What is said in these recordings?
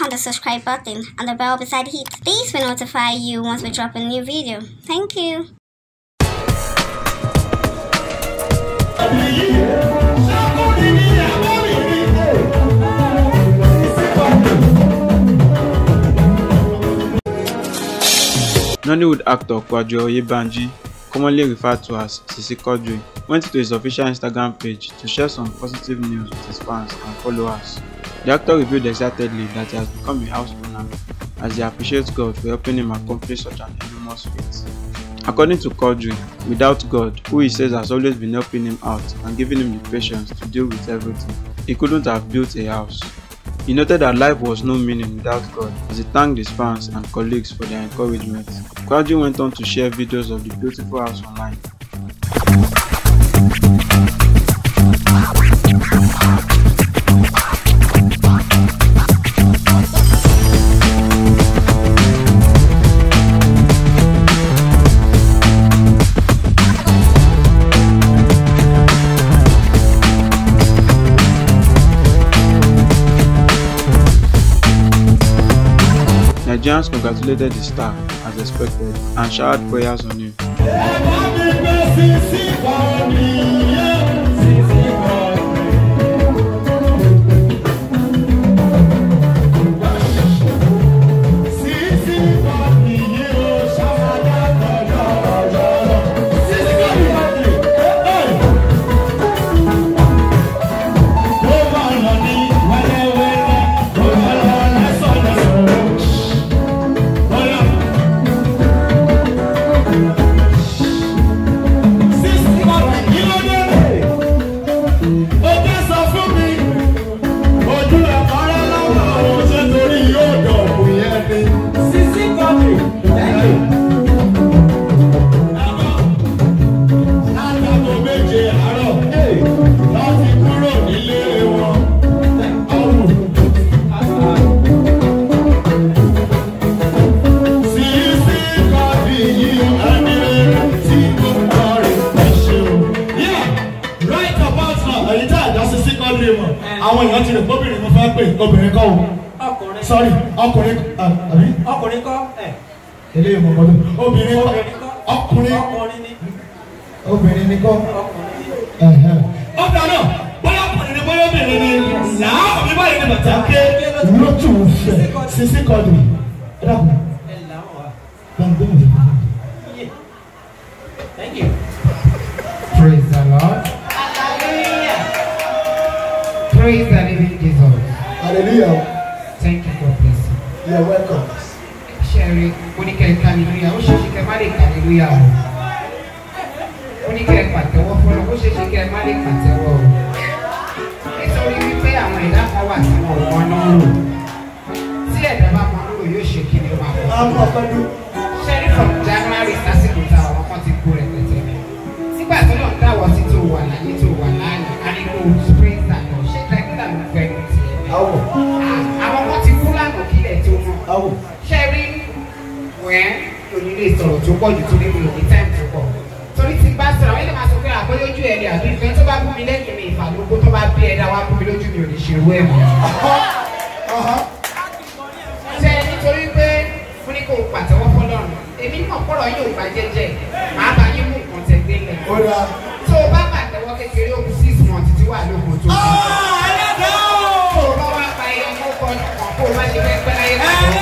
on the subscribe button and the bell beside it. These will notify you once we drop a new video. Thank you. Nollywood actor Kwadjo Oyebanji, commonly referred to as Sisi Quadri, went to his official Instagram page to share some positive news with his fans and followers. The actor revealed excitedly that he has become a house owner as he appreciates God for helping him accomplish such an enormous feat. According to Cordry, without God, who he says has always been helping him out and giving him the patience to deal with everything, he couldn't have built a house. He noted that life was no meaning without God as he thanked his fans and colleagues for their encouragement. Cordry went on to share videos of the beautiful house online Nigerians congratulated the star as expected and showered prayers on him. ọkùnrin àbí. ọkùnrin kọ́ ẹ̀. eléyìí mo kọ́ tó obìnrin kọ́ ọkùnrin obìnrin ni kọ́. ọ̀dà náà bóyá ọkùnrin ni bóyá obìnrin ni làá òbí báyìí ni bàtà ké lótú fẹ̀ sisi kọ́dù ẹ dàgbọ́. ẹ làwọn wa. gbàgbé mi. Thank you. Praise the Lord. Hallelujah. Praise the living Jesus. Hallelujah. hallelujah ó ṣe ṣe kẹ má lè ka hallelujah o ó ní kẹ pàtẹ́wọ́ fún ọ ó ṣe ṣe kẹ má lè pàtẹ́wọ́ o nítorí wípé àwọn ẹ̀dá kan wà tí wọn ò mọ náà rò tí ẹ̀dá bá mọ náà rò yóò ṣe kí ni ó máa kọ́ ṣẹ́rí from January sásìkò ta ọ̀rọ̀ kan ti kú rẹ̀ tẹ̀tẹ̀ nígbà tó lọ́n dáwọ́ sí tó wà láyé tó wà láàyè ariwo spray tàbí ṣé tẹ́kítà ló fẹ́ mi tiẹ̀ àwọn kan ti kú lánàá kílẹ̀ tó mọ́ ṣẹ́rí wẹ́ẹ́ mi ò ní lè sọ̀rọ̀ tó pọ̀ jù torí mi ò ní tó pọ̀ torí tí bá sọ̀rọ̀ wọ́n lè máa sọ pé àbóyá ojú ẹ̀rẹ̀ àbí ìfẹ́ tó bá bú lẹ́yìn mi ìfàlógún tó bá bí ẹ̀dá wá bú mi lójú mi ò ní ṣe irú ẹ̀ ṣe nítorí pé fún ní kò pàtẹ́wọ́ fọlọ́run èmi náà kọ́rọ̀ yóò bá jẹ́jẹ́ màá bá yín mú nǹkan tẹ̀gbẹ́ lẹ̀. tó o bá pàtẹ́wọ́ kékeré òkú six months ti wà lóògùn ah, tó o bá wà pa ẹyẹ mọ́kànlá kó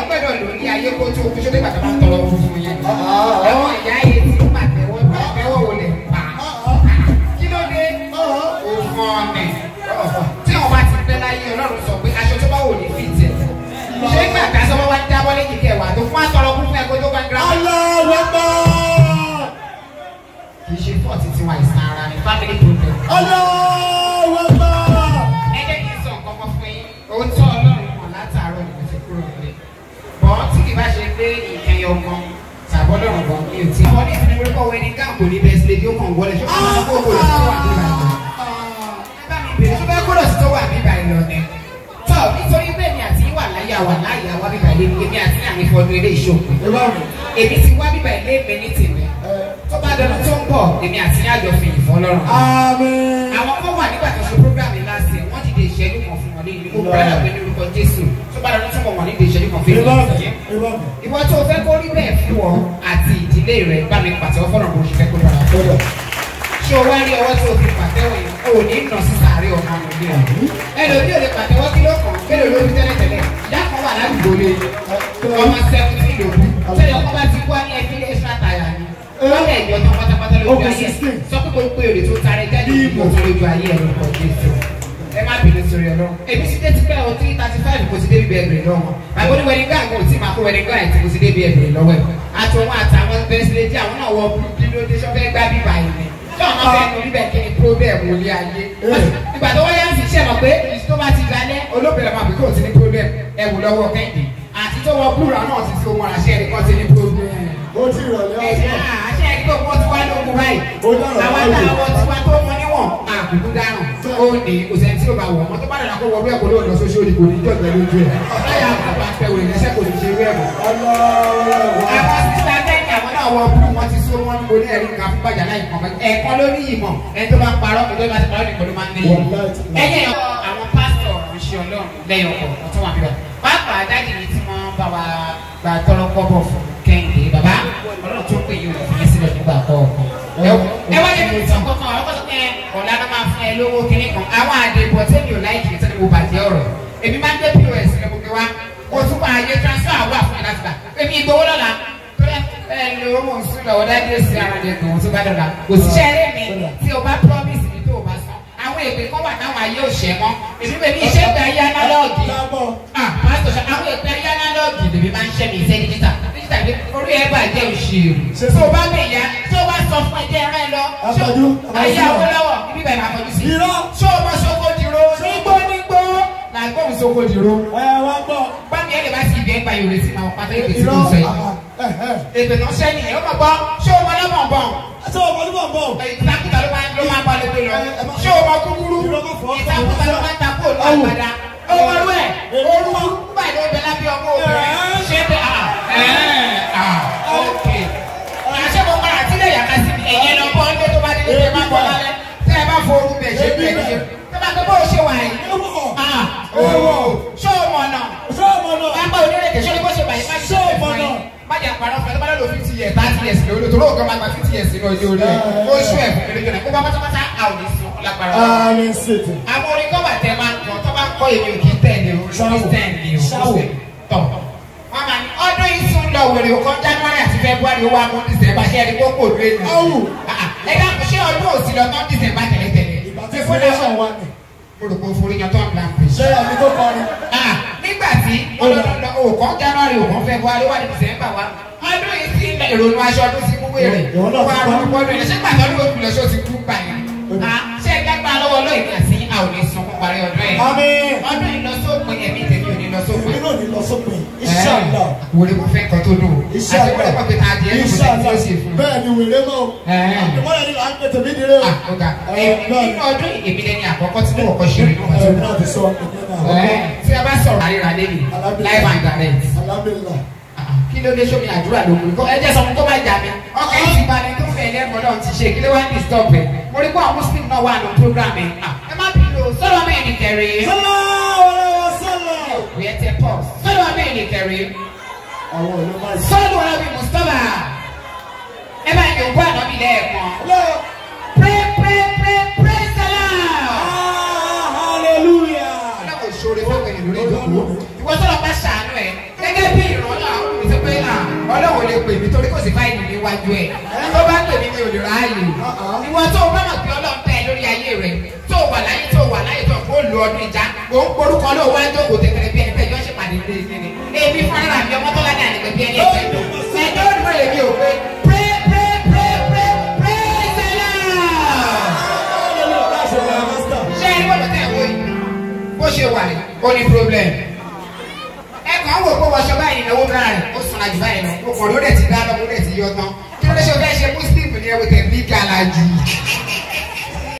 tiwa ìsan ara ni family problem. ọlọ́wọ́ bá. ẹ jẹ́ sọ nǹkan kan fún yín òótọ́ ọlọ́run kan látàárọ̀ ni mo ti kúrò nílé bọ́n tí kì bá ṣe pé nǹkan yọ tàbọ̀ lọ́rùn gan mi ò tí. àwọn ní ìsinmi orúkọ wẹ́ni káàkó ní bẹ́ẹ̀ sílé bí ó kàn wọlé ṣé tó wà níbà ẹ bá mi bèrè ṣé tó wà níbà ni. tọ́ nítorí bẹ́ẹ̀ ni àti wà láyà wà láyà wà bíbà ilé mi àti àmì fọdún ilé ìṣòkùn. èmi ti wá bíbà ilé bá dọ̀nà tó ń bọ̀ èmi àti ní fi ìfọ́ lọ́rùn. àwọn kan wà nígbà tó ṣe program láti ẹ̀ wọ́n dìde ìṣẹ́jú kan fún wọn ní ìlú bẹ́ẹ̀ pé ní orúkọ Jésù tó bá dọ̀nà tó ń bọ̀ wọ́n dìde ìṣẹ́jú kan fún ìlú ìṣẹ́jú. ìwọ tó o fẹ́ kó rí bẹ́ẹ̀ fún wọn àti ìdílé rẹ bá mi pàtẹ́wọ́ fọ́nà bó ṣe fẹ́ kó lọ́ra tó ṣé o wá rí ọwọ́ tó o fi pàtẹ́wọ́ yìí o ò ní ẹbí lọ́dẹ̀ ìjọ tán pátápátá lójú ayé sọ pé kò pé èrè tó tarẹ jáde ìbò tó lójú ayé ẹ̀rọ kan jésù ẹ má bínú sórí ọ̀nà èmi sì tẹ́tí pé ọ three thirty five kò sí débi bẹ́ẹ̀rẹ̀ lọ́wọ́ àbọ̀ ní wẹ̀rẹ̀ gáàgùn ò tí máa kó wẹ̀rẹ̀ gáàgùn tí kò sí débi bẹ́ẹ̀rẹ̀ lọ́wọ́ ẹ̀ àti òun àtàwọn bẹ́sílẹ̀ jẹ́ àwọn náà wọ bílódé sọ́fẹ́ gbá bíbá yìí ni tí àwọn fẹ́ẹ́ lórí bẹ́ẹ̀ kí ni problem wò lé ayé eh. ìgbà tó wáyé àti iṣẹ́ mọ̀ pé tó bá ti dalẹ̀ olóbìnrin máa bí kò sí ní problem ẹ wò lọ́wọ́ kẹ́hìndé àti tó wọ búra náà ti fi ohun àṣẹ ẹ̀rí kan sí ní problem. ó ti rọ̀ lẹ́wọ̀n tó wọ́n ti wá lóko báyìí àwọn tá a wọ́n ti wá tó mọ níwọ̀n àkùkù dáhùn ó ní kò sẹ́ni tí ó bá wọ̀ ọmọ tó bá dàda kó wọ bí ẹ̀kọ́ lóòdù ọ̀sọ́sí òdì kò ní jọ ìgbà lójú ẹ̀ láyà àgbà pẹ̀wò ìrẹsẹ̀ kò ní ṣe rí ẹ̀mọ́. àwọn sísá tẹ́kì àwọn náà wọ búrú wọn ti sọ wọn ní orí ẹ̀rí nǹkan fún bàjá láì kàn ẹ̀kọ́ ló ní ìmọ̀ ẹni tó bá parọ́ ẹni tó bá ti parọ́ nìkan ló máa ń níyì. ẹ̀yẹ́ àwọn pásítọ̀ ìṣe ọlọ́run lẹ́yìn ọkọ̀ ọ̀tún wà bíbá pápá adájì ni tí wọ́n bá wa gbà tọ́lọ́kọ́ bọ̀ fún kẹ́hìndé bàbá ọlọ́run tó ń pè yín o nígbà kọ̀ọ̀kan. ẹ wá lè fi sọ̀kọ̀ kan ọ̀rọ̀ kọ́sọ̀ pé ọ̀la ló máa fún ẹ lówó kínní kan àwọn àdìbò tẹ́lẹ̀ ò láìkì tẹ́lẹ̀ mo bàjẹ́ ọ̀rọ̀ èmi máa ń gbé pos rẹ gbogbo wa o tún máa transfer wà fún ẹ láti gbà èmi ìgbowó lọ́la ẹ lọ mọ̀ ń sún lọ́wọ́ dájú sí ara rẹ gbòòrò bá dọ̀la òṣìṣẹ́ rẹ mi tí o bá promise mi tó o bá sọ àwọn èpè kan wà táwọn ayé òṣè mọ́ èmi pé ní iṣẹ́ ìgbà ayé análọ́ọ̀gì ah, àwọn èpè ayé análọ́ọ̀gì lèmi máa ń ṣẹ́ mi iṣẹ́ dígítà pé ẹ bàjẹ́ òṣèré. tó bá lè yá tó bá sọ fún ẹ jẹ́ rẹ lọ. àfọ̀jú àfọ̀jú ayé Awólọ́wọ̀ ibi bẹ̀rẹ̀ àfọ̀jú sí. irọ́ tó o mọ Sokodiro nígbó nígbó là ń gbóhùn Sokodiro. ẹ wá gbọ́. bámi ẹ lè bá sì ibi ẹgbà yòrè sí ma pàtó yòrè sí lóṣù yìí. ètò náà ṣẹ́ ni ẹ̀ ó mọ̀ gbọ́ ṣé o mọ lọ́mọ̀ bọ̀. ṣé o mọ lọ́mọ̀ bọ̀. ìtàkùtà ló máa ló máa balẹ̀ pé lọ. ṣé o mọ kúkúrú ìtàkùtà ló máa takò lọ́gbàdá. owó rẹ̀ orúkú bàjẹ́ obìnrin lábẹ́ ọmọ obìnrin ṣé bẹ́ẹ̀ ní àpàrọ̀ fẹ́ lọ́ba lọ́dọ̀ fifty years thirty years lórí tó lóòótọ́ máa gba fifty years nínú ọjọ́ orí ó ṣú ẹ̀ fún kékeré kó bá pátápátá a ò ní sí ọkọ lágbára. àmì ṣètò. àwọn orin kọ́ bàtẹ máa ń kọ́ tó bá kọ́ èmi ò kí tẹ̀lé o kí tẹ̀lé o ṣáwò tọ̀. wọ́n máa ní ọdún yìí tún lọ wèrè ọkọ January àti February wà mú December ṣe ẹni kókò lóye nù. ọ̀hún ẹ dákun ṣé ọdún òsì lọ tán December tẹ̀lé tẹ̀lé. ìbàdí fúnlẹ̀ sí ọlọ́dọọdọ january òkọ́ february wà december wa ọdún yìí sí ìrònú aṣọ ọdún sí gbogbo èrè wà lórí pọ́ọ̀dù ẹ̀ ṣé pàtó ló kù lọ́sọ̀ ti kú báyìí ṣé ẹgbẹ́ gbà lọ́wọ́ lóyún àti àwọn èso parí ọdún yìí náà ní lọ́sọ̀pẹ̀ iṣẹ́ àgbà. wòlé mo fẹ́ kọ́ tó dùn. iṣẹ́ àgbà iṣẹ́ àgbà bẹ́ẹ̀ ni wèrè mọ́ o. Eh. àtẹ̀mọ́lẹ̀ ni à ń pètè mí diré o. Ah, eh, eh, nínú ọdún èmi lẹni àkọ́kọ́ tí mo kọ́kọ́ ṣe rí lọ́wọ́ tó tí a bá sọ̀rọ̀ àríra lẹ́nu live and direct. Ah, ah, kí ló dé sómi àdúrà lókun kó ẹ jẹ́ sọ fún tó bá jà mí ọkọ̀ yìí ti balẹ̀ tó fẹ́ lẹ́mọ̀ náà ti ṣe kí ló wá ní stop ẹ̀ mo rí pé àwọn muslim náà wà ní program ẹ̀ ẹ má bínú sọ́dọ̀ mẹ́rin kẹrin. àwọn ìlú máa ṣe. sọ́ọ̀dù wọn bí mustapha ẹ bá yòókù ànábì lẹ́ẹ̀kan. pray pray pray pray salam. Ah, hallelujah. ọ̀nà kò ṣoore fún ẹ̀yìn lórí ìdókòwò. ìwọ sọ̀rọ̀ bá ṣàánú ẹ̀ gẹ́gẹ́ bí ìrànlọ́ àwọn olùsọ pé náà ọlọ́wọ́ lè pè mí torí kò sí fáìlì níwájú ẹ̀. Eh? tó bá pè mí mi ò lè ráàyè. Uh-uh. ìwọ tó o bá mọ̀ pé ọlọ́run tẹ̀ lórí ayé rẹ̀ tó o wà láyé tó o wà láyé tó o kò lu ọdún ìjà òun porúkọ lóò wá jókòó tẹ̀tẹ̀rẹ̀ bí ẹ mi pray pray pray pray praise the Lord. ṣé ẹni bọ́dọ̀ tẹ̀ wọ́ yìí bó ṣe wà ní ó ní problem. ẹ kàn ń wò pé wọṣọ báyìí náwó bá rẹ̀ ó sùn àjù báyìí náà kò ló dẹ̀ ti dáná kó dẹ̀ ti yọ tán kí ló dé ṣe fẹ́ ṣe muslim ni ẹ wò tẹ̀ bí gàlà jù.